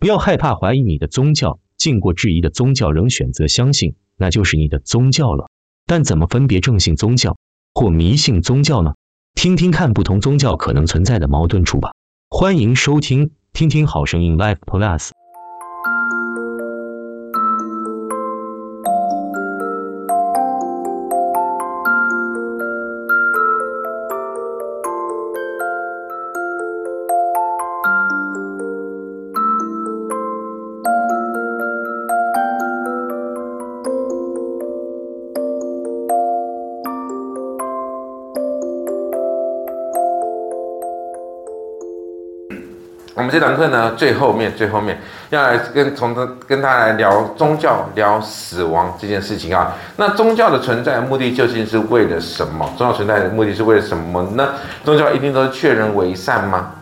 不要害怕懷疑你的宗教，經過質疑的宗教仍選擇相信，那就是你的宗教了。但怎麼分別正信宗教或迷信宗教呢？聽聽看不同宗教可能存在的矛盾處吧。歡迎收聽《聽聽好聲音》Life Plus。這堂課呢，最後面最後面要來跟從他跟他來聊宗教、聊死亡這件事情啊。那宗教的存在的目的究竟是為了什麼？宗教存在的目的是為了什麼呢？宗教一定都是勸人為善嗎？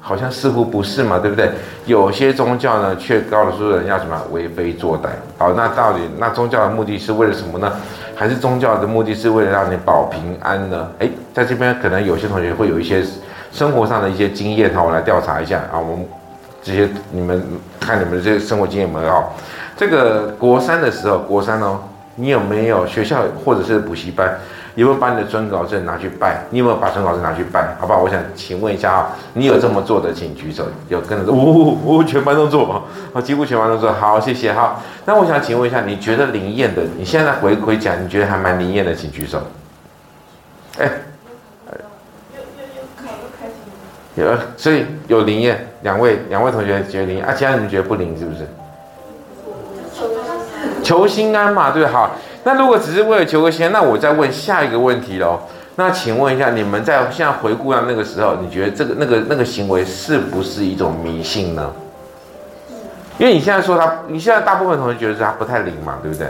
好像似乎不是嘛，對不對？有些宗教呢，卻告訴人要什麼為非作歹。好，那到底那宗教的目的是為了什麼呢？還是宗教的目的是為了讓你保平安呢？誒，在這邊可能有些同學會有一些。生活上的一些經驗，好，我來調查一下啊。我們這些你們看你們的這些生活經驗沒有這個國三的時候，國三哦，你有沒有學校或者是補習班，有沒有把你的准考證拿去拜？你有沒有把准考證拿去拜？好不好？我想請問一下啊，你有這麼做的，請舉手。有跟着說，嗚、哦、嗚、哦，全班都做好，幾乎全班都做好，謝謝哈。那我想請問一下，你覺得靈驗的，你現在回回講，你覺得還蠻靈驗的，請舉手。哎、欸。有，所以有靈驗，兩位兩位同學覺得靈，啊，其他人覺得不靈是不是？求心安嘛，對，好，那如果只是為了求個心安，那我再問下一個問題嘍。那請問一下，你們在現在回顧到那個時候，你覺得這個那個那個行為是不是一種迷信呢？因為你現在說他，你現在大部分同學覺得是他不太靈嘛，對不對？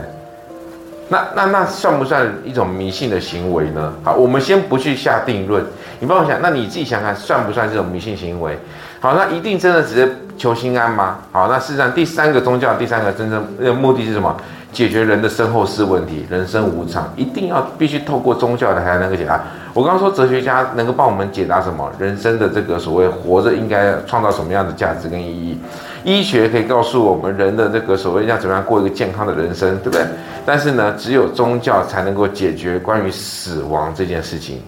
那那那算不算一種迷信的行為呢？好，我們先不去下定論。你幫我想，那你自己想想，算不算這種迷信行為？好，那一定真的只是求心安嗎？好，那事實上第三個宗教，第三個真正呃目的是什麼？解決人的身後事問題，人生無常，一定要必須透過宗教的才能夠解答。我剛剛說哲學家能夠幫我們解答什麼人生的這個所謂活着應該創造什麼樣的價值跟意義，醫學可以告訴我們人的這個所謂要怎麼樣過一個健康的人生，對不對？但是呢，只有宗教才能夠解決關於死亡這件事情。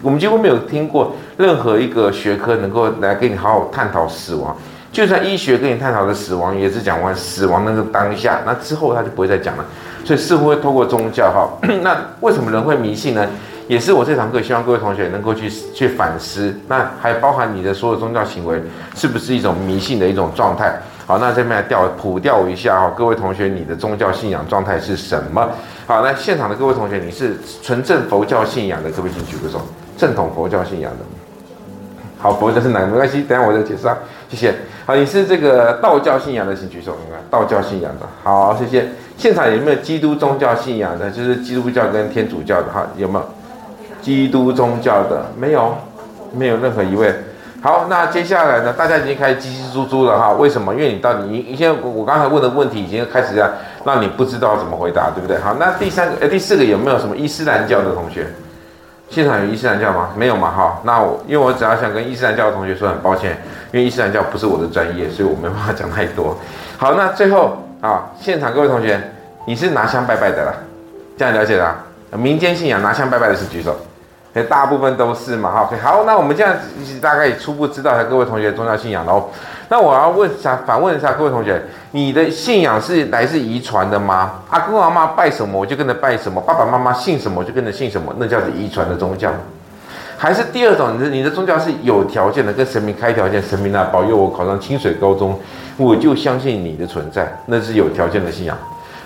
我們幾乎沒有聽過任何一個學科能夠來跟你好好探討死亡，就算醫學跟你探討的死亡，也是講完死亡的那個當下，那之後他就不會再講了。所以似乎會透過宗教哈， 那為什麼人會迷信呢？也是我這堂課希望各位同學能夠去去反思，那還包含你的所有宗教行為，是不是一種迷信的一種狀態？好，那這邊來調普調一下哈，各位同學，你的宗教信仰狀態是什麼？好，來現場的各位同學，你是純正佛教信仰的，各位請舉個手、嗯。正統佛教信仰的，嗯、好，佛教是哪個？沒關係，等一下我再解釋、啊。謝謝。好，你是這個道教信仰的，請舉手。你、嗯、看道教信仰的，好，謝謝。現場有沒有基督宗教信仰的？就是基督教跟天主教的，哈，有沒有？基督宗教的沒有，沒有任何一位。好，那接下來呢？大家已經開始嘰嘰喳喳了，哈，為什麼？因為你到底，你你現在我剛才問的問題已經開始那你不知道怎麼回答，對不對？好，那第三個、誒第四個有沒有什麼伊斯蘭教的同學？現場有伊斯蘭教嗎？沒有嘛？哈，那我因為我只要想跟伊斯蘭教的同學說，很抱歉，因為伊斯蘭教不是我的專業，所以我沒辦法講太多。好，那最後啊，現場各位同學，你是拿香拜拜的啦，這樣了解啦、啊，民間信仰拿香拜拜的是舉手。大部分都是嘛，好，好，那我們這樣大概也初步知道一下各位同學宗教信仰嘍。那我要問一下，想反問一下各位同學，你的信仰是來自遺傳的嗎？阿公阿媽拜什麼我就跟着拜什麼，爸爸媽媽信什麼我就跟着信什麼，那叫做遺傳的宗教。還是第二種，你的，你的宗教是有條件的，跟神明開條件，神明吶，啊，保佑我考上清水高中，我就相信你的存在，那是有條件的信仰。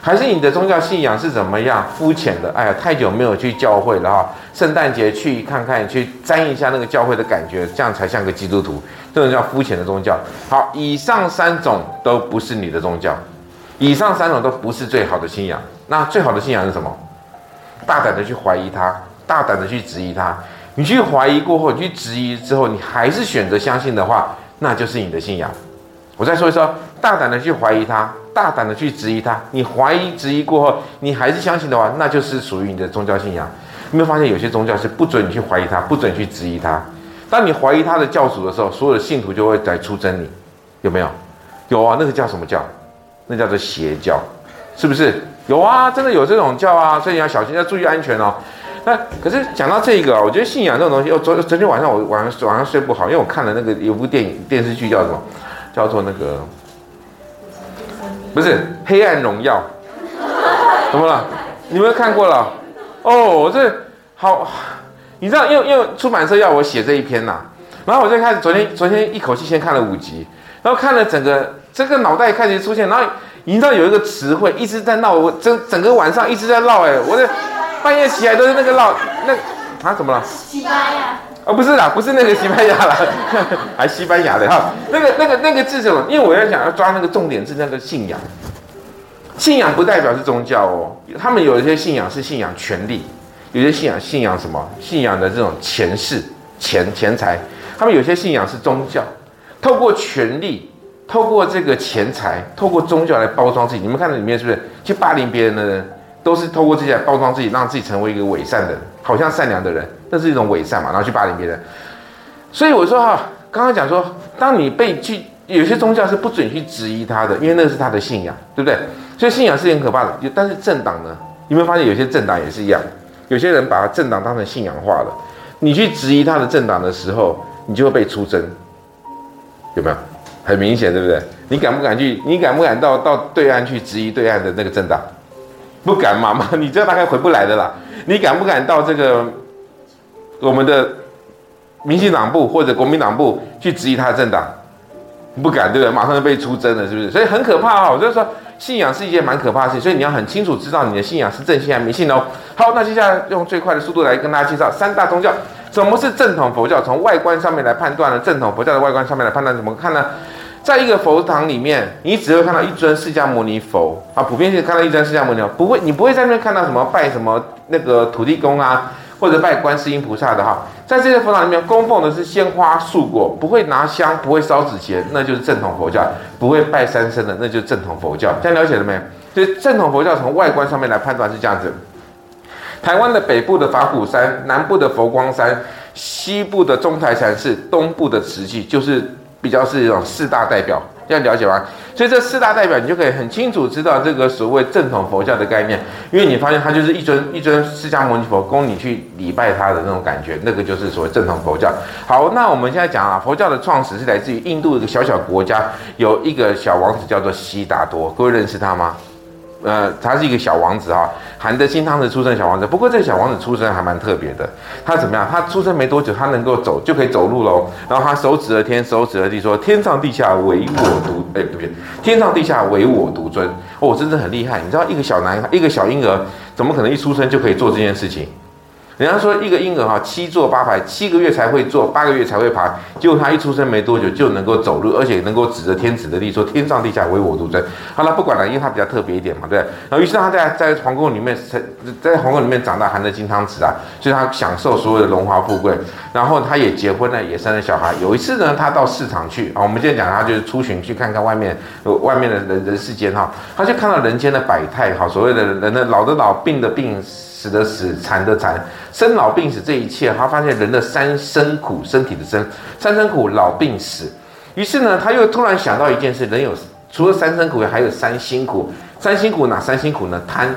還是你的宗教信仰是怎麼樣膚淺的？哎呀，太久沒有去教會了哈！然後聖誕節去看看，去沾一下那個教會的感覺，這樣才像個基督徒。這種叫膚淺的宗教。好，以上三種都不是你的宗教，以上三種都不是最好的信仰。那最好的信仰是什麼？大膽的去懷疑它，大膽的去質疑它。你去懷疑過後，你去質疑之後，你還是選擇相信的話，那就是你的信仰。我再說一說，大膽的去懷疑它。大膽的去質疑他，你懷疑質疑過後，你還是相信的話，那就是屬於你的宗教信仰。你有沒有發現有些宗教是不准你去懷疑他，不准你去質疑他？當你懷疑他的教主的時候，所有的信徒就會來出征你，有沒有？有啊，那個叫什麼教？那個、叫做邪教，是不是？有啊，真的有這種教啊，所以你要小心，要注意安全哦。那可是講到這個、哦，我覺得信仰這種東西，我昨昨天晚上我晚晚上睡不好，因為我看了那個有部電影電視劇叫什麼？叫做那個。不是《黑暗榮耀》，怎麼了？你們看過了？哦，我這好，你知道，因為因為出版社要我寫這一篇吶、啊，然後我就開始昨天昨天一口氣先看了五集，然後看了整個這個腦袋開始出現，然後你知道有一個詞彙一直在鬧，我整整個晚上一直在鬧，哎，我這半夜起來都是那個鬧，那啊怎麼了？啊、哦，不是啦，不是那個西班牙啦，還西班牙的哈，那個那個那個是什麼？因為我要想要抓那個重點是那個信仰，信仰不代表是宗教哦。他們有一些信仰是信仰權力，有些信仰信仰什麼？信仰的這種前世錢錢財，他們有些信仰是宗教，透過權力，透過這個錢財，透過宗教來包裝自己。你們看到裡面是不是去霸凌別人的人？都是透過自己來包裝自己，讓自己成為一個偽善的人，好像善良的人，那是一種偽善嘛，然後去霸凌別人。所以我說哈、啊，剛剛講說，當你被去，有些宗教是不准去質疑他的，因為那是他的信仰，對不對？所以信仰是很可怕的。但是政黨呢？你有沒有發現有些政黨也是一樣？有些人把政黨當成信仰化了。你去質疑他的政黨的時候，你就會被出征，有沒有？很明顯，對不對？你敢不敢去？你敢不敢到到對岸去質疑對岸的那個政黨？不敢，嘛嘛，你這樣大概回不來的啦。你敢不敢到這個我們的民進黨部或者國民黨部去質疑他的政黨？不敢，對不對？馬上就被出征了，是不是？所以很可怕哦。我就是說，信仰是一件蠻可怕的事情。所以你要很清楚知道你的信仰是正信還是迷信哦。好，那接下來用最快的速度來跟大家介紹三大宗教，什麼是正統佛教？從外觀上面來判斷呢？正統佛教的外觀上面來判斷怎麼看呢？在一個佛堂裡面，你只會看到一尊釋迦牟尼佛啊，普遍性看到一尊釋迦牟尼佛，不會你不會在那邊看到什麼拜什麼那個土地公啊，或者拜觀世音菩薩的哈，在這些佛堂裡面供奉的是鮮花素果，不會拿香，不會燒紙錢，那就是正統佛教，不會拜三牲的，那就是正統佛教。現在了解了沒有所以正統佛教從外觀上面來判斷是這樣子。台灣的北部的法鼓山，南部的佛光山，西部的中台禪寺，東部的慈濟，就是。比較是一種四大代表，這樣了解嗎？所以這四大代表，你就可以很清楚知道這個所謂正統佛教的概念，因為你發現它就是一尊一尊釋迦牟尼佛供你去禮拜它的那種感覺，那個就是所謂正統佛教。好，那我們現在講啊，佛教的創始是來自於印度一個小小國家，有一個小王子叫做悉達多，各位認識他嗎？呃，他是一個小王子啊，哦，含着金湯匙出生的小王子。不過這個小王子出生還蠻特別的，他怎麼樣？他出生沒多久，他能夠走，就可以走路嘍。然後他手指着天，手指着地，說：“天上地下唯我獨，哎，不對，天上地下唯我獨尊。”哦，真的很厲害。你知道，一個小男孩，一個小嬰兒，怎麼可能一出生就可以做這件事情？人家說一個嬰兒哈，七坐八爬，七個月才會坐，八個月才會爬，結果他一出生沒多久就能夠走路，而且能夠指著天指著地說天上地下唯我獨尊。好了，不管了，因為他比較特別一點嘛，對，然後於是他在在皇宮裡面在皇宮裡面長大，含着金湯匙啊，所以他享受所有的榮華富貴。然後他也結婚了，也生了小孩。有一次呢，他到市場去啊，我們現在講他就是出巡去看看外面外面的人人世間哈，他就看到人間的百態哈，所謂的人的老的老，病的病。死的死，殘的殘，生老病死這一切，他發現人的三生苦，身體的身，三生苦，老病死。於是呢，他又突然想到一件事，人有除了三生苦，還有三心苦，三心苦哪三心苦呢？貪、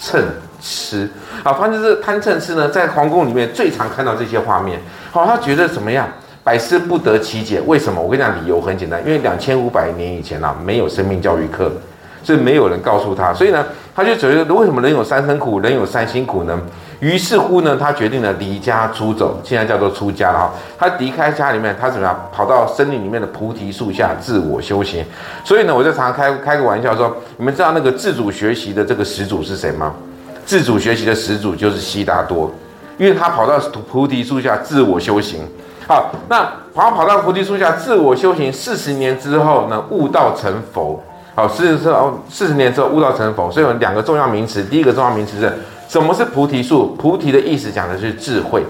嗔、痴。啊，反正這是貪、嗔、痴呢，在皇宮裡面最常看到這些畫面。好，他覺得怎麼樣？百思不得其解，為什麼？我跟你講，理由很簡單，因為兩千五百年以前吶、啊，沒有生命教育課，所以沒有人告訴他，所以呢。他就覺得為什麼人有三生苦，人有三辛苦呢？於是乎呢，他決定了離家出走，現在叫做出家了，他離開家裡面，他怎麼樣跑到森林裡面的菩提樹下自我修行。所以呢，我就常常開開個玩笑說，你們知道那個自主學習的這個始祖是誰嗎？自主學習的始祖就是悉達多，因為他跑到菩提樹下自我修行。好，那跑跑到菩提樹下自我修行四十年之後呢，悟道成佛。好，四十哦，四十年之後悟道成佛，所以有兩個重要名詞。第一個重要名詞是，什麼是菩提樹？菩提的意思講的是智慧。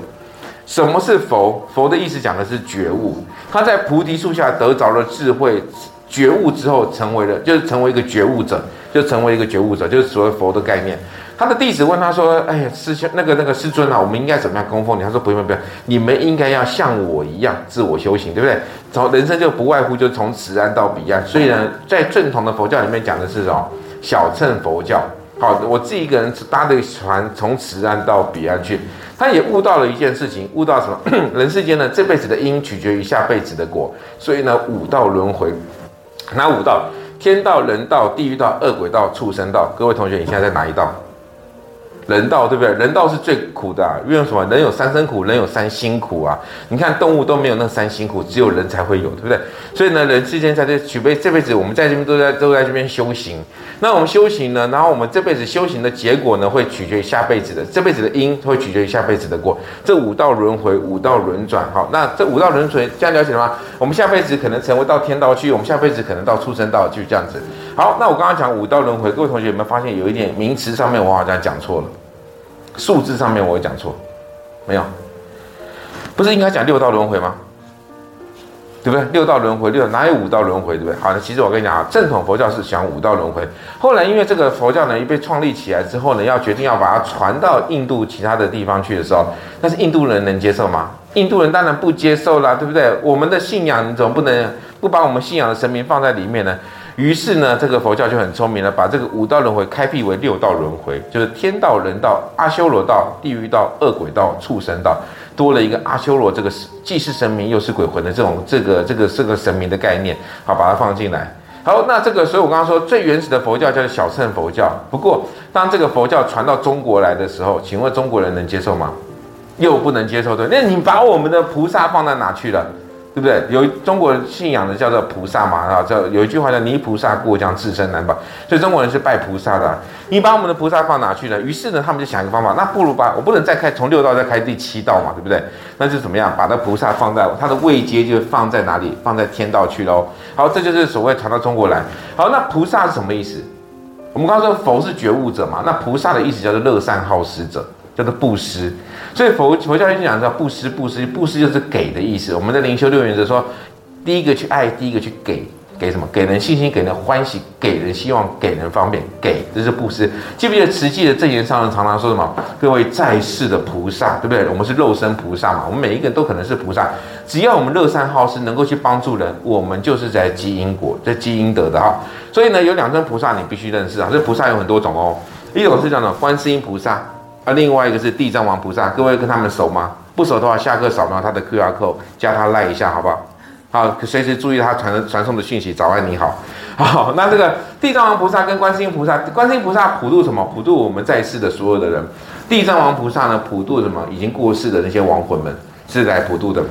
什麼是佛？佛的意思講的是覺悟。他在菩提樹下得着了智慧、覺悟之後，成為了就是成為一個覺悟者，就成為一個覺悟者，就是所謂佛的概念。他的弟子問他說：“哎呀，師兄，那個那個師尊啊，我們應該怎麼樣供奉你？”他說：“不用不用，你們應該要像我一樣自我修行，對不對？從人生就不外乎就從此岸到彼岸。所以呢，在正統的佛教裡面講的是哦，小乘佛教。好，我自己一個人搭的船從此岸到彼岸去。他也悟到了一件事情，悟到什麼？人世間呢，這輩子的因取決於下輩子的果。所以呢，五道輪迴，哪五道？天道、人道、地獄道、惡鬼道、畜生道。各位同學，你現在在哪一道？”人道對不對？人道是最苦的啊，因為什麼？人有三生苦，人有三辛苦啊！你看動物都沒有那三辛苦，只有人才會有，對不對？所以呢，人世間在這取輩這輩子，我們在這邊都在都在這邊修行。那我們修行呢？然後我們這輩子修行的結果呢，會取決於下輩子的。這輩子的因會取決於下輩子的果。這五道輪回，五道輪轉，好，那這五道輪回這樣了解了嗎？我們下輩子可能成為到天道去，我們下輩子可能到畜生道，就這樣子。好，那我剛剛講五道輪回，各位同學有沒有發現有一點名詞上面我好像講錯了？數字上面我講錯，沒有，不是應該講六道輪回嗎？對不對？六道輪回，六道哪有五道輪回？對不對？好那其實我跟你講啊，正統佛教是講五道輪回。後來因為這個佛教呢，一被創立起來之後呢，要決定要把它傳到印度其他的地方去的時候，但是印度人能接受嗎？印度人當然不接受啦，對不對？我們的信仰，你總不能不把我們信仰的神明放在裡面呢？於是呢，這個佛教就很聰明了，把這個五道輪迴開闢為六道輪迴，就是天道、人道、阿修羅道、地獄道、惡鬼道、畜生道，多了一個阿修羅這個既是神明又是鬼魂的這種這個這個這個、是個神明的概念，好，把它放進來。好，那這個，所以我剛剛說最原始的佛教叫小乘佛教。不過當這個佛教傳到中國來的時候，請問中國人能接受嗎？又不能接受的。那你把我們的菩薩放到哪去了？對不對？有中國人信仰的叫做菩薩嘛，然後叫有一句話叫“泥菩薩過江自身難保”，所以中國人是拜菩薩的啊。你把我們的菩薩放哪去呢？於是呢，他們就想一個方法，那不如把我不能再開從六道再開第七道嘛，對不對？那就怎麼樣，把那菩薩放在他的位階就放在哪裡？放在天道去嘍。好，這就是所謂傳到中國來。好，那菩薩是什麼意思？我們剛剛說佛是覺悟者嘛，那菩薩的意思叫做樂善好施者。叫做布施，所以佛佛教就講叫布施，布施，布施就是給的意思。我們在靈修六原則說，第一個去愛，第一個去給，給什麼？給人信心，給人歡喜，給人希望，給人方便，給，這是布施。記不記得慈濟的證嚴上人常常說什麼？各位在世的菩薩，對不對？我們是肉身菩薩嘛，我們每一個人都可能是菩薩，只要我們樂善好施，能夠去幫助人，我們就是在積因果，在積陰德的啊。所以呢，有兩尊菩薩你必須認識啊，這菩薩有很多種哦，一種是叫做觀世音菩薩。那另外一個是地藏王菩薩，各位跟他們熟嗎？不熟的話，下課掃描他的 QR code，加他賴一下，好不好？好，隨時注意他傳傳送的訊息。早安你好，好，那這個地藏王菩薩跟觀世音菩薩，觀世音菩薩普渡什麼？普渡我們在世的所有的人，地藏王菩薩呢，普渡什麼？已經過世的那些亡魂們，是來普渡的。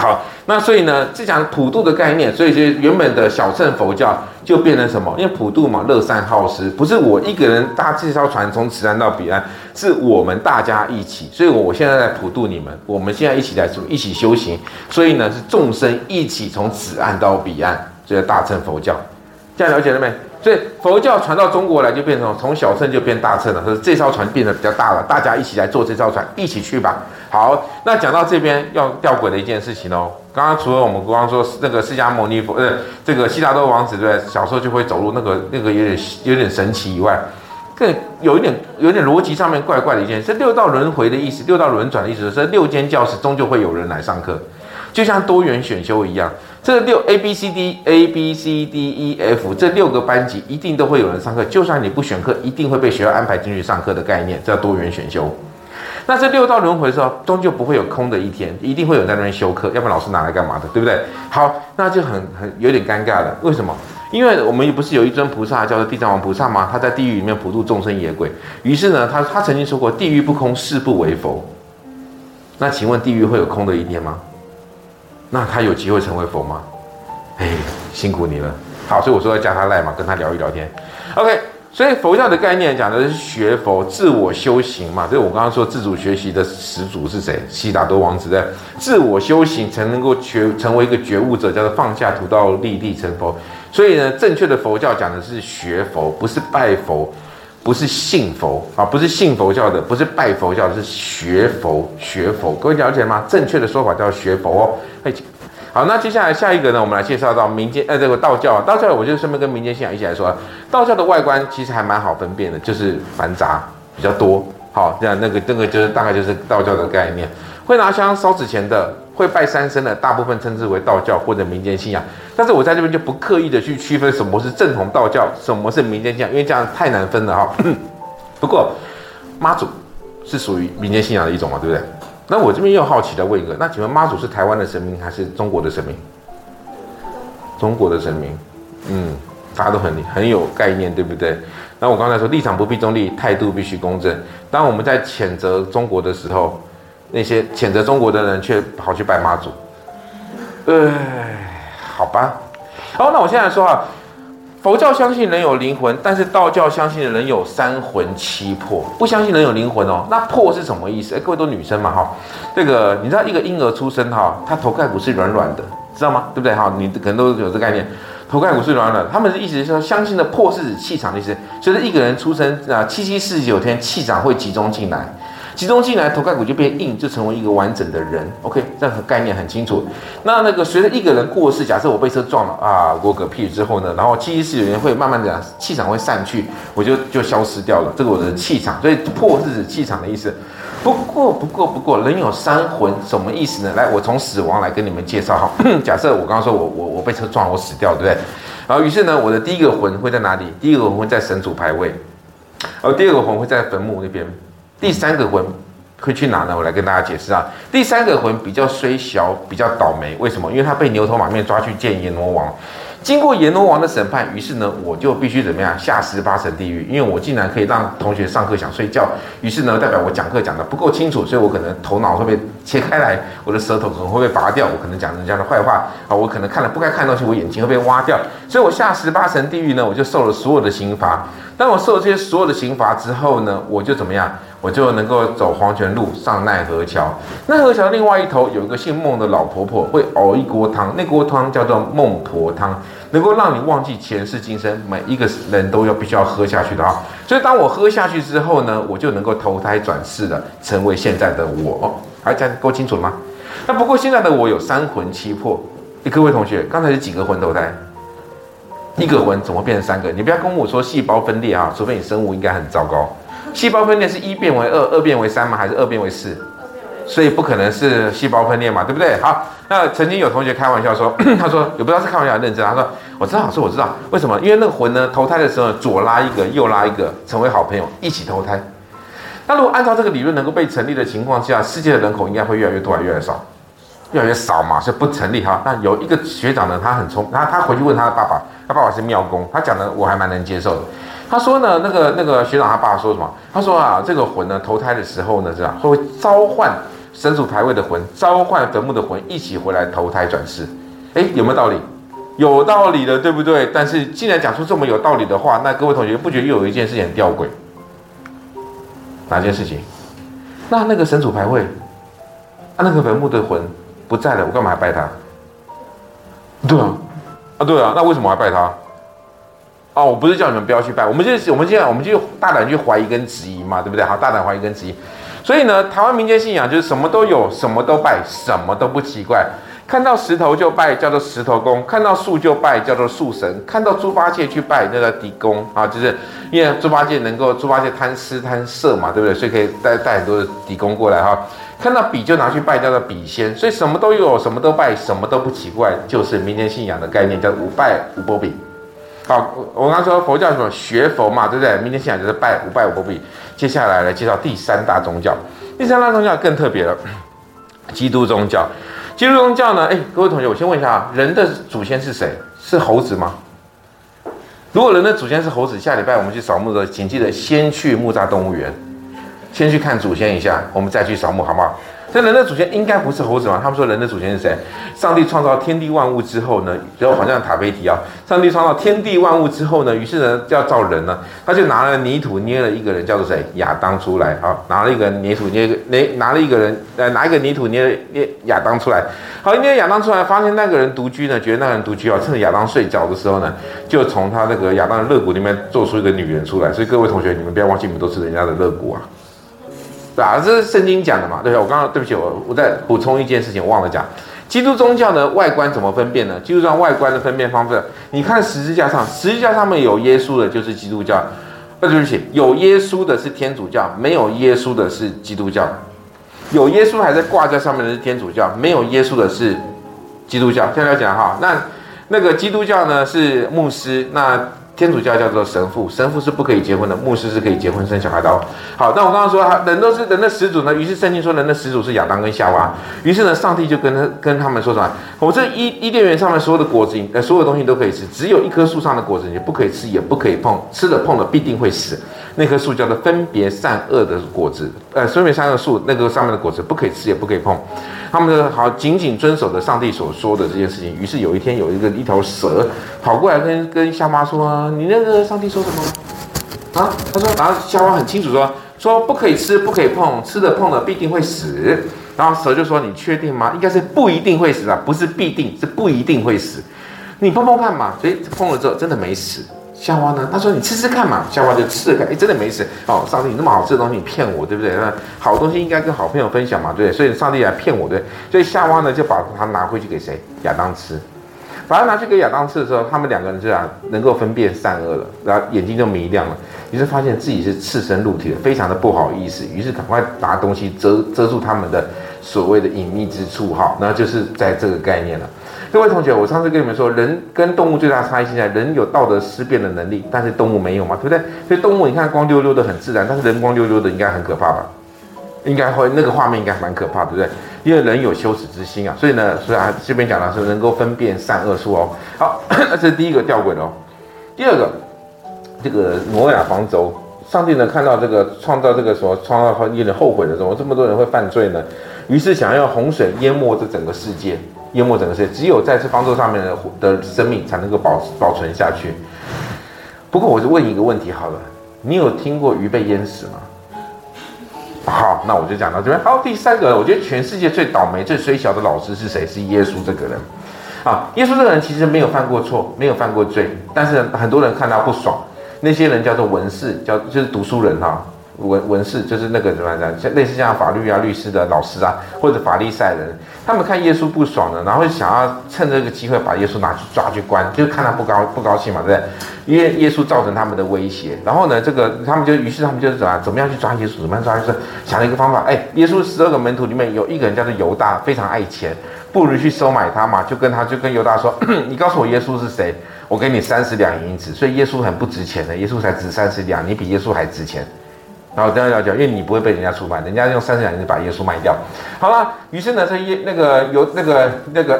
好，那所以呢，這講普渡的概念，所以就原本的小乘佛教就變成什麼？因為普渡嘛，樂善好施，不是我一個人搭這艘船從此岸到彼岸，是我們大家一起。所以我現在在普渡你們，我們現在一起來一起修行。所以呢，是眾生一起從此岸到彼岸，這是大乘佛教。這樣了解了沒？所以佛教傳到中國來，就變成從小乘就變大乘了。所以這艘船變得比較大了，大家一起來坐這艘船，一起去吧。好，那講到這邊要吊詭的一件事情哦。剛剛除了我們剛剛說那個釋迦牟尼佛，呃，這個悉達多王子對，小時候就會走路，那個那個有點有點神奇以外，更有一點有點邏輯上面怪怪的一件事，是六道輪回的意思，六道輪轉的意思就是六間教室終究會有人來上課，就像多元選修一樣。這六 A B C D A B C D E F 這六個班級一定都會有人上課，就算你不選課，一定會被學校安排進去上課的概念，這叫多元選修。那這六道輪回的時候，終究不會有空的一天，一定會有人在那邊修課，要不然老師拿來幹嘛的，對不對？好，那就很很有點尷尬了。為什麼？因為我們不是有一尊菩薩叫做地藏王菩薩嗎？他在地獄裡面普度眾生野鬼。於是呢，他他曾經說過，地獄不空，誓不為佛。那請問，地獄會有空的一天嗎？那他有機會成為佛嗎？哎，辛苦你了。好，所以我說要加他賴嘛，跟他聊一聊天。OK，所以佛教的概念講的是學佛、自我修行嘛。所以我剛剛說自主學習的始祖是誰？悉達多王子在自我修行才能夠學成為一個覺悟者，叫做放下屠刀立地成佛。所以呢，正確的佛教講的是學佛，不是拜佛。不是信佛啊，不是信佛教的，不是拜佛教的，是學佛。學佛，各位了解了嗎？正確的說法叫學佛哦。哎，好，那接下來下一個呢，我們來介紹到民間呃、哎、這個道教啊，道教我就順便跟民間信仰一起來說。道教的外觀其實還蠻好分辨的，就是繁雜比較多。好，這樣那個那個就是大概就是道教的概念。會拿香燒紙錢的，會拜三牲的，大部分稱之為道教或者民間信仰。但是我在這邊就不刻意的去區分什麼是正統道教，什麼是民間信仰，因為這樣太難分了哈、哦。 不過媽祖是屬於民間信仰的一種嘛，對不對？那我這邊又好奇的問一個，那請問媽祖是台灣的神明還是中國的神明？中國的神明，嗯，大家都很很有概念，對不對？那我剛才說立場不必中立，態度必須公正。當我們在譴責中國的時候，那些譴責中國的人，卻跑去拜媽祖，哎、呃，好吧。哦，那我現在說啊，佛教相信人有靈魂，但是道教相信人有三魂七魄，不相信人有靈魂哦。那魄是什麼意思？哎、欸，各位都女生嘛哈、哦，這個你知道一個嬰兒出生哈，他頭蓋骨是軟軟的，知道嗎？對不對哈？你可能都有這個概念，頭蓋骨是軟的。他們的意思是說，相信的魄是指氣場的意思，就是一個人出生啊，七七四十九天，氣場會集中進來。集中進來，頭蓋骨就變硬，就成為一個完整的人。OK，這個概念很清楚。那那個隨着一個人過世，假設我被車撞了啊，我嗝屁之後呢，然後七七四十九天會慢慢的氣場會散去，我就就消失掉了，這個我的氣場。所以破是指氣場的意思。不過不過不過，人有三魂，什麼意思呢？來，我從死亡來跟你們介紹哈。 假設我剛剛說我我我被車撞了，我死掉，對不對？然後於是呢，我的第一個魂會在哪裡？第一個魂會在神主牌位，然後第二個魂會在墳墓那邊。第三個魂會去哪呢？我來跟大家解釋啊。第三個魂比較衰小，比較倒霉。為什麼？因為他被牛頭馬面抓去見閻羅王，經過閻羅王的審判，於是呢，我就必須怎麼樣？下十八層地獄。因為我竟然可以讓同學上課想睡覺，於是呢，代表我講課講得不夠清楚，所以我可能頭腦會被切開來，我的舌頭可能會被拔掉，我可能講人家的壞話啊，我可能看了不該看的東西，我眼睛會被挖掉。所以我下十八層地獄呢，我就受了所有的刑罰。當我受了這些所有的刑罰之後呢，我就怎麼樣？我就能夠走黃泉路上奈何橋，奈何橋的另外一頭有一個姓孟的老婆婆，會熬一鍋湯，那鍋湯叫做孟婆湯，能夠讓你忘記前世今生，每一個人都要必須要喝下去的啊。所以當我喝下去之後呢，我就能夠投胎轉世了，成為現在的我。這樣夠清楚了嗎？那不過現在的我有三魂七魄。各位同學，剛才是幾個魂投胎？一個魂怎麼變成三個？你不要跟我說細胞分裂啊，除非你生物應該很糟糕。細胞分裂是一變為二，二變為三嗎？還是二變為四？所以不可能是細胞分裂嘛，對不對？好，那曾經有同學開玩笑說，他說也不知道是開玩笑還是認真。他說，我知道，好是我知道，我知道為什麼？因為那個魂呢，投胎的時候左拉一個，右拉一個，成為好朋友，一起投胎。那如果按照這個理論能夠被成立的情況下，世界的人口應該會越來越多，還是越來越少？越來越少嘛，所以不成立哈。那有一個學長呢，他很聰，他他回去問他的爸爸，他爸爸是廟公，他講的我還蠻能接受的。他說呢，那個那個學長他爸說什麼？他說啊，這個魂呢，投胎的時候呢，是吧、啊，會召喚神主牌位的魂，召喚墳墓的魂，一起回來投胎轉世。哎，有沒有道理？有道理的，對不對？但是既然講出這麼有道理的話，那各位同學不覺得又有一件事情很吊詭？哪件事情？那那個神主牌位，啊，那個墳墓的魂不在了，我幹嘛還拜他？對啊，啊對啊，那為什麼還拜他？哦，我不是叫你們不要去拜，我們就我們這樣，我們就大膽去懷疑跟質疑嘛，對不對？好，大膽懷疑跟質疑。所以呢，台灣民間信仰就是什麼都有，什麼都拜，什麼都不奇怪。看到石頭就拜，叫做石頭公；看到樹就拜，叫做樹神；看到豬八戒去拜，叫做底公啊，就是因為豬八戒能夠豬八戒貪吃貪色嘛，對不對？所以可以帶帶很多底公過來哈。看到筆就拿去拜，叫做筆仙。所以什麼都有，什麼都拜，什麼都不奇怪，就是民間信仰的概念，叫無拜無保庇。好，我我剛剛說佛教什麼學佛嘛，對不對？明天現場就是拜五拜五個幣。接下來來介紹第三大宗教，第三大宗教更特別了，基督宗教。基督宗教呢？哎，各位同學，我先問一下，人的祖先是誰？是猴子嗎？如果人的祖先是猴子，下禮拜我們去掃墓的時候，請記得先去木柵動物園，先去看祖先一下，我們再去掃墓，好不好？那人的祖先應該不是猴子嘛，他們說人的祖先是誰？上帝創造天地萬物之後呢，就好像塔菲提啊，上帝創造天地萬物之後呢，於是呢就要造人了、啊。他就拿了泥土捏了一個人，叫做誰？亞當出來好、啊，拿了一個人泥土捏個捏，拿了一個人、呃，拿一個泥土捏捏亞當出來。好，捏亞當出來，發現那個人獨居呢，覺得那個人獨居啊，趁着亞當睡覺的時候呢，就從他那個亞當的肋骨裡面做出一個女人出來。所以各位同學，你們不要忘記，你們都是人家的肋骨啊。啊，這是聖經講的嘛？對吧？我剛剛對不起，我我再補充一件事情，忘了講。基督宗教的外觀怎麼分辨呢？基督教外觀的分辨方式，你看十字架上，十字架上面有耶穌的就是基督教。那對不起，有耶穌的是天主教，沒有耶穌的是基督教。有耶穌還在掛在上面的是天主教，沒有耶穌的是基督教。現在講哈，那那個基督教呢是牧師，那。天主教叫做神父，神父是不可以結婚的，牧師是可以結婚生小孩的哦。好，那我剛剛說，人都是人的始祖呢。於是聖經說，人的始祖是亞當跟夏娃。於是呢，上帝就跟他跟他們說什麼：我這伊伊甸園上面所有的果子，呃，所有的東西都可以吃，只有一棵樹上的果子你不可以吃，也不可以碰，吃了碰了必定會死。那棵樹叫做分別善惡的果子，呃，分別善惡樹那個上面的果子不可以吃，也不可以碰，他們就好緊緊遵守著上帝所說的這件事情。於是有一天，有一個一條蛇跑過來跟跟夏娃說：“啊，你那個上帝說什麼？”啊，他說，然後夏娃很清楚說：“說不可以吃，不可以碰，吃了碰了必定會死。”然後蛇就說：“你確定嗎？應該是不一定會死啊，不是必定，是不一定會死，你碰碰看嘛。”所以碰了之後真的沒死。夏娃呢？他說：“你吃吃看嘛。”夏娃就吃吃看，哎，真的沒事，哦。上帝你那麼好吃的東西，你騙我對不對？那好東西應該跟好朋友分享嘛，對，所以上帝來騙我，對。所以夏娃呢，就把它拿回去給誰？亞當吃。把它拿去給亞當吃的時候，他們兩個人就啊，能夠分辨善惡了，然後眼睛就明亮了，於是發現自己是赤身露體的，非常的不好意思，於是趕快拿東西遮遮住他們的所謂的隱秘之處哈。那就是在這個概念了。各位同學，我上次跟你們說，人跟動物最大的差異是在人有道德思辨的能力，但是動物沒有嘛，對不對？所以動物你看光溜溜的很自然，但是人光溜溜的應該很可怕吧？應該會那個畫面應該蠻可怕對不對？因為人有羞恥之心啊，所以呢，所以啊這邊講的是能夠分辨善惡樹哦。好， 這是第一個吊詭哦。第二個，這個挪亞方舟，上帝呢看到這個創造這個什麼，創造會有點後悔的時候這麼多人會犯罪呢？於是想要洪水淹沒這整個世界。淹沒整個世界，只有在這方舟上面的的生命才能夠保保存下去。不過，我就問一個問題好了，你有聽過魚被淹死嗎？好，那我就講到這邊。好，第三個人，我覺得全世界最倒霉、最衰小的老師是誰？是耶穌這個人啊。耶穌這個人其實沒有犯過錯，沒有犯過罪，但是很多人看他不爽。那些人叫做文士，叫就是讀書人哈。文文士就是那個什麼的，類似像法律啊、律師的老師啊，或者法利賽人，他們看耶穌不爽了，然後想要趁這個機會把耶穌拿去抓去關，就看他不高不高興嘛，對不對？耶耶穌造成他們的威脅，然後呢，這個他們就於是他們就是怎麼，怎麼樣去抓耶穌？怎麼樣抓？就是想了一個方法，哎，耶穌十二個門徒裡面有一個人叫做猶大，非常愛錢，不如去收買他嘛，就跟他就跟猶大說呵呵，你告訴我耶穌是誰，我給你三十兩銀子。所以耶穌很不值錢的，耶穌才值三十兩，你比耶穌還值錢。然後第二要講，因為你不會被人家出賣，人家用三十兩銀把耶穌賣掉。好了，於是呢，這耶那個猶那個那個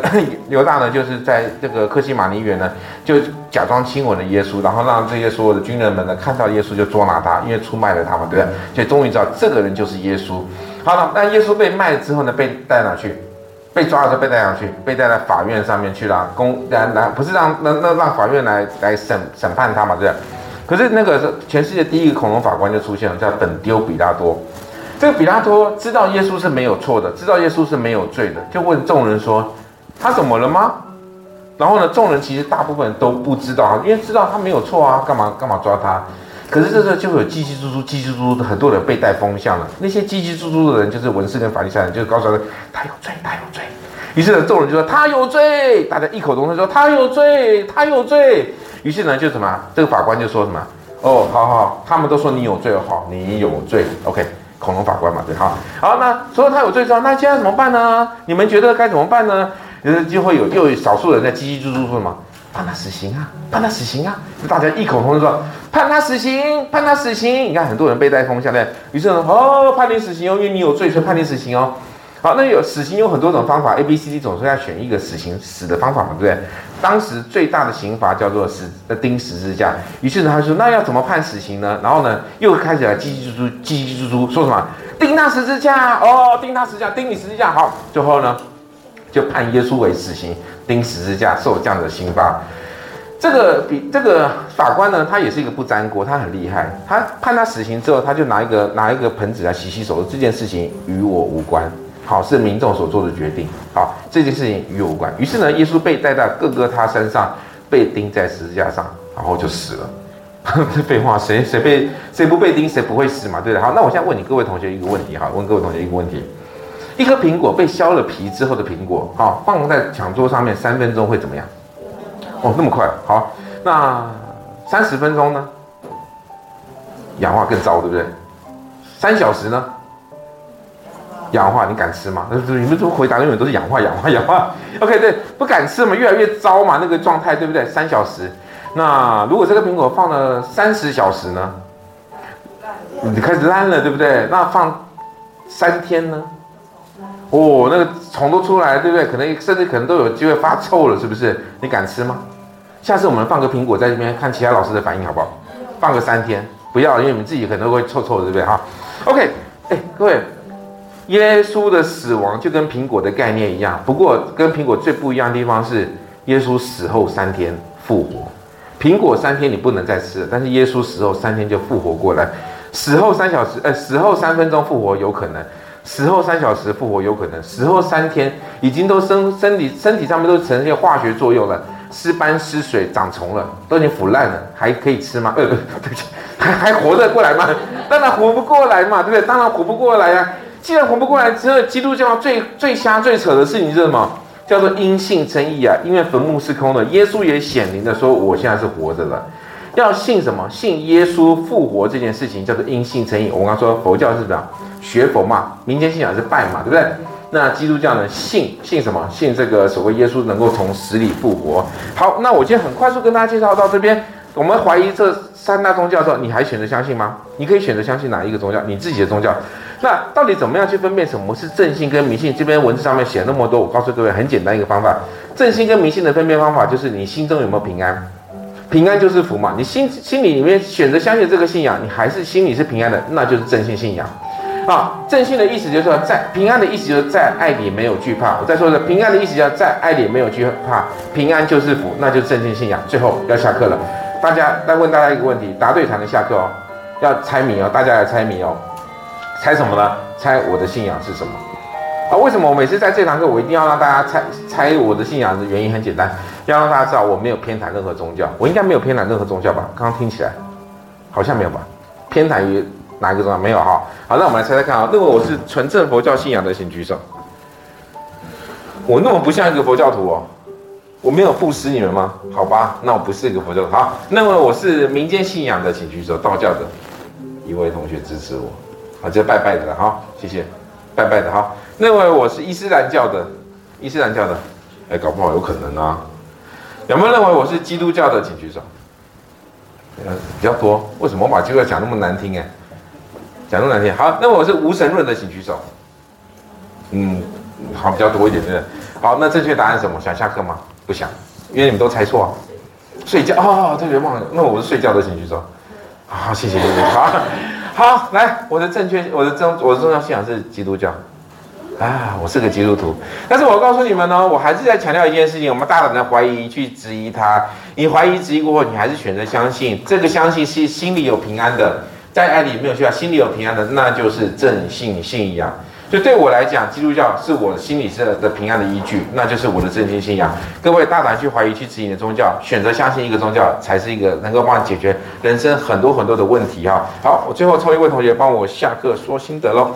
猶大呢，就是在這個客西馬尼園呢，就假裝親吻了耶穌，然後讓這些所有的軍人們呢看到耶穌就捉拿他，因為出賣了他嘛，對不對？所以終於知道這個人就是耶穌。好了，那耶穌被賣了之後呢，被帶哪去？被抓的時候被帶哪去？被帶到法院上面去了，公讓讓不是讓那那讓讓法院來來審審判他嘛，對不對？可是那個是全世界第一個恐龍法官就出現了，叫本丟比拉多。這個比拉多知道耶穌是沒有錯的，知道耶穌是沒有罪的，就問眾人說：“他怎麼了嗎？”然後呢，眾人其實大部分都不知道，因為知道他沒有錯啊，幹嘛幹嘛抓他？可是這時候就會有唧唧豬豬嘰嘰豬嘟，很多人被帶風向了。那些唧唧豬豬的人就是文士跟法利賽人就告訴他，就是高聲說他有罪，他有罪。有罪”於是呢，眾人就說：“他有罪！”大家異口同聲說：“他有罪，他有罪。有罪”於是呢，就什麼，這個法官就說什麼，哦，好好，好，他們都說你有罪哦，好，你有罪、嗯、，OK，恐龍法官嘛，對，好，好，那說他有罪之後，那現在怎麼辦呢？你們覺得該怎麼辦呢？於是就會有又有少數人在嘰嘰喳喳說什麼，判他死刑啊，判他死刑啊！就大家異口同聲說，判他死刑，判他死刑！你看很多人被帶風下，鏈，於是呢，哦，判你死刑、哦，因為你有罪，所以判你死刑哦。好，那有死刑有很多種方法，A、B、C、D，總是要選一個死刑死的方法嘛，對不對？當時最大的刑罰叫做死，呃，釘十字架。於是他就說：“那要怎麼判死刑呢？”然後呢，又開始來嘰嘰嘟嘟、嘰嘰嘟嘟，說什麼釘他十字架哦，釘他十字架，釘、哦、你十字架。好，最後呢，就判耶穌為死刑，釘十字架受這樣的刑罰。這個比這個法官呢，他也是一個不粘鍋，他很厲害。他判他死刑之後，他就拿一個拿一個盆子來洗洗手，這件事情與我無關。好是民眾所做的決定，好這件事情與我無關。於是呢，耶穌被帶到各各他山上，被釘在十字架上，然後就死了。這廢話，誰誰被誰不被釘，誰不會死嘛？對的。好，那我現在問你各位同學一個問題，好，問各位同學一個問題，一顆蘋果被削了皮之後的蘋果，好放在講桌上面三分鐘會怎麼樣？哦，那麼快。好，那三十分鐘呢？氧化更糟，對不對？三小時呢？氧化，你敢吃嗎？你們怎麼回答的永遠都是氧化、氧化、氧化。OK，對，不敢吃嘛，越來越糟嘛，那個狀態，對不對？三小時，那如果這個蘋果放了三十小時呢？你開始爛了，對不對？那放三天呢？哦，那個蟲都出來，對不對？可能甚至可能都有機會發臭了，是不是？你敢吃嗎？下次我們放個蘋果在這邊，看其他老師的反應，好不好？放個三天，不要，因為你們自己可能會臭臭的，對不對？哈，OK，哎，各位。耶穌的死亡就跟蘋果的概念一樣，不過跟蘋果最不一樣的地方是，耶穌死後三天復活。蘋果三天你不能再吃了，但是耶穌死後三天就復活過來。死後三小時，呃，死後三分鐘復活有可能，死後三小時復活有可能，死後三天已經都生，身體身體上面都呈現化學作用了，屍斑、屍水、長蟲了，都已經腐爛了，還可以吃嗎？呃呃，對不起，還還活得過來嗎？當然活不過來嘛，對不對？當然活不過來呀、啊。既然活不過來之後，基督教最最瞎最扯的事情是什麼？叫做因信稱義啊！因為墳墓是空的，耶穌也顯靈的說我現在是活着的，要信什麼？信耶穌復活這件事情叫做因信稱義。我剛剛說佛教是什麼？學佛嘛，民間信仰是拜嘛，對不對？那基督教呢？信信什麼？信這個所謂耶穌能夠從死裡復活。好，那我今天很快速跟大家介紹到這邊，我們懷疑這三大宗教之後，你還選擇相信嗎？你可以選擇相信哪一個宗教？你自己的宗教。那到底怎麼樣去分辨，什麼是正信跟迷信？這邊文字上面寫了那麼多，我告訴各位很簡單一個方法，正信跟迷信的分辨方法就是你心中有沒有平安，平安就是福嘛。你心心裡裡面選擇相信這個信仰，你還是心裡是平安的，那就是正信信仰。啊，正信的意思就是說，在平安的意思就是在愛裡沒有懼怕。我再說一次，平安的意思就是在愛裡沒有懼怕，平安就是福，那就是正信信仰。最後要下課了，大家再問大家一個問題，答對才能下課哦，要猜謎哦，大家來猜謎哦。猜什麼呢？猜我的信仰是什麼？啊，為什麼我每次在這堂課，我一定要讓大家猜猜我的信仰？的原因很簡單，要讓大家知道我沒有偏袒任何宗教，我應該沒有偏袒任何宗教吧？剛剛聽起來好像沒有吧？偏袒於哪一個宗教？沒有哈、哦。好，那我們來猜猜看啊、哦。認為我是純正佛教信仰的，請舉手。我那麼不像一個佛教徒哦，我沒有布施你們嗎？好吧，那我不是一個佛教徒。好，認為我是民間信仰的，請舉手。道教的一位同學支持我。好，這拜拜的哈，謝謝，拜拜的哈。認為我是伊斯蘭教的，伊斯蘭教的，哎，搞不好有可能啊。有沒有認為我是基督教的，請舉手？呃，比較多。為什麼我把這個講那麼難聽哎？講那麼難聽。好，那我是無神論的，請舉手。嗯，好，比較多一點對。好，那正確答案是什麼？想下課嗎？不想，因為你們都猜錯、啊。睡覺哦，特別忘。那我是睡覺的，請舉手。好，謝謝謝謝。 好，來，我的正確，我的宗，我的宗教信仰是基督教，啊，我是個基督徒。但是，我告訴你們呢、哦，我還是在強調一件事情，我們大膽的懷疑，去質疑他。你懷疑、質疑過後，你還是選擇相信，這個相信是心裡有平安的。在愛裡沒有需要，心裡有平安的，那就是正信信仰。就對我來講，基督教是我心理上的平安的依據，那就是我的正信信仰。各位大膽去懷疑、去質疑的宗教，選擇相信一個宗教，才是一個能夠幫你解決人生很多很多的問題哈，好，我最後抽一位同學幫我下課說心得嘍。